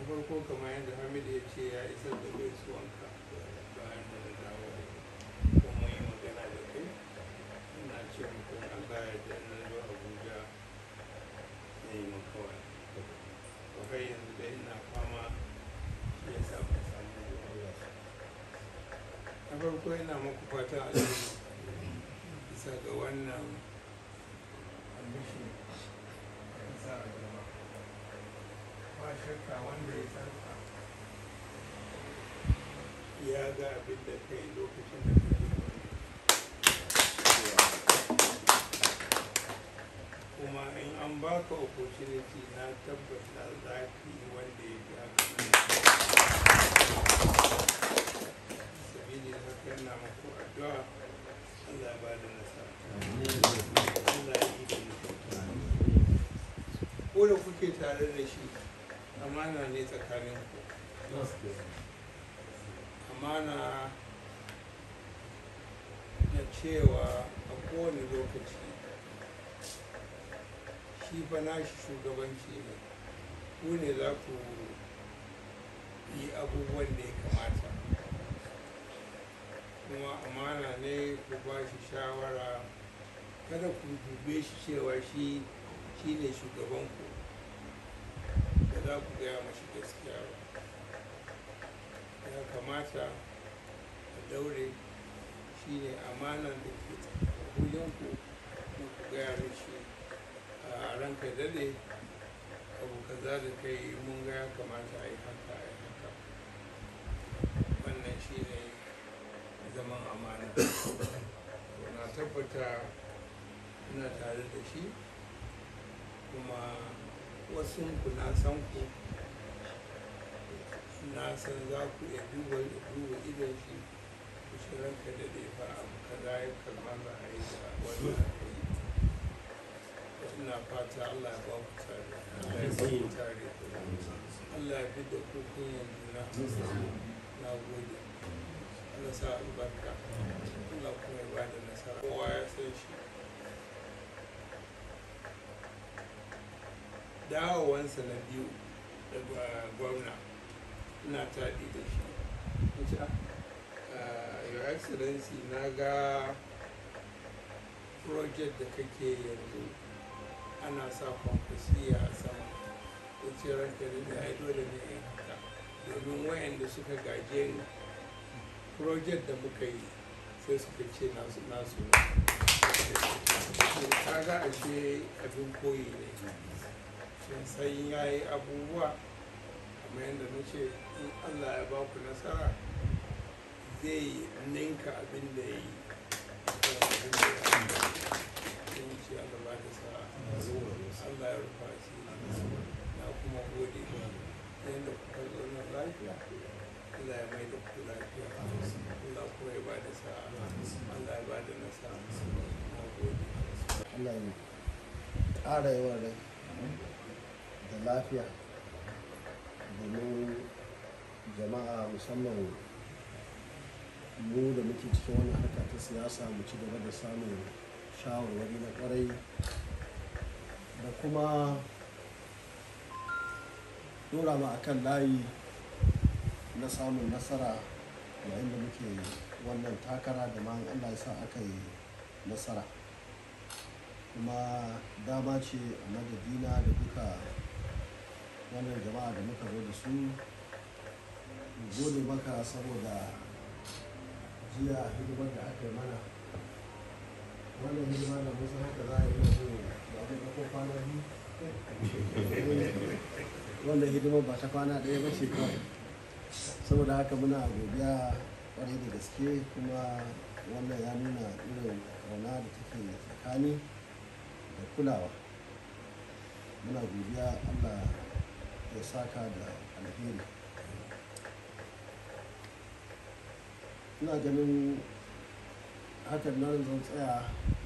da farko kamar yadda hamid ya ce ya isar da gaisuwanka bayan da dawo kuma yi magana da kai ina ce muku allah ya da na zo abuja na yi makawa. wani kai yanzu da ina fama ya sa ba samu zuwa na farko ina muku fata a bisa ga wannan sarka wanda ya sarka ya ga abin da kai lokacin da kai kuma in an baka opportunity na tabbata za ka yi wanda ya fi haka sabili haka yana muku addu'a Allah ba da nasara Allah ya yi da nasara ko da kuke tare da shi amana ne tsakanin ku amana na cewa a kowane lokaci shi fa nashi shugabanci ne ku ne za ku yi abubuwan da ya kamata kuma amana ne ku ba shi shawara kada ku dube shi cewa shi ne shugabanku za ku gaya mashi gaskiya ba ya kamata a daure shi ne amanan da ke tsakanin ku gaya mashi a ranka dade abu kaza da kai mun ga ya kamata a yi haka a yi haka wannan shi ne zaman amana na tabbata ina tare da shi kuma wasu ku na san ku na san za ku iya duba duba idan shi ku shi ranka da dai fa abu kaza ya kamata a yi da wannan ina fata Allah ya ba ku tare Allah ya sanya tare Allah ya fi da ku kunyan juna na gode Allah sa albarka Allah kuma ya ba da nasara kowa ya san shi dawowansa na biyu daga gwamna ina ta da shi ah, ah, your excellency na ga project da kake yanzu ana sa kwankwasiya a sama ya ce ranka ne ai dole ne ya haka domin wayanda suka gaje project da muka yi sai suka ce nasu nasu ne ga ashe abin koyi ne sai ya yi abubuwa kamar yadda na ce in allah ya baku nasara zai ninka abin da ya yi Allah ya rufa shi na kuma gode ba yadda kuka lafiya Allah ya mai da ku lafiya Allah kuma ya ba da sa'a Allah ya ba da na gode Allah ya ƙara yawan rai da lafiya domin jama'a musamman mu da muke cikin wani harka ta siyasa mu ci gaba da samun shawarwari na kwarai da kuma dora mu akan layi na samun nasara yayin da muke wannan takara da ma Allah ya sa aka yi nasara kuma dama ce a madadina da duka wannan jama'a da muka zo da su gode maka saboda jiya hidimar da aka yi mana wannan hidima da musu haka za a yi yanzu da zai ɗauko kwana wannan hidimar ba ta kwana ɗaya ba ce kawai saboda haka muna godiya kwarai da gaske kuma wannan ya nuna irin rana da take tsakani da kulawa muna godiya allah ya saka da alheri ina ganin hakan nan zan tsaya